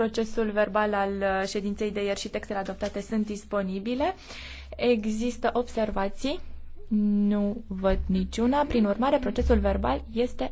Procesul verbal al uh, ședinței de ieri și textele adoptate sunt disponibile. Există observații? Nu văd niciuna. Prin urmare, procesul verbal este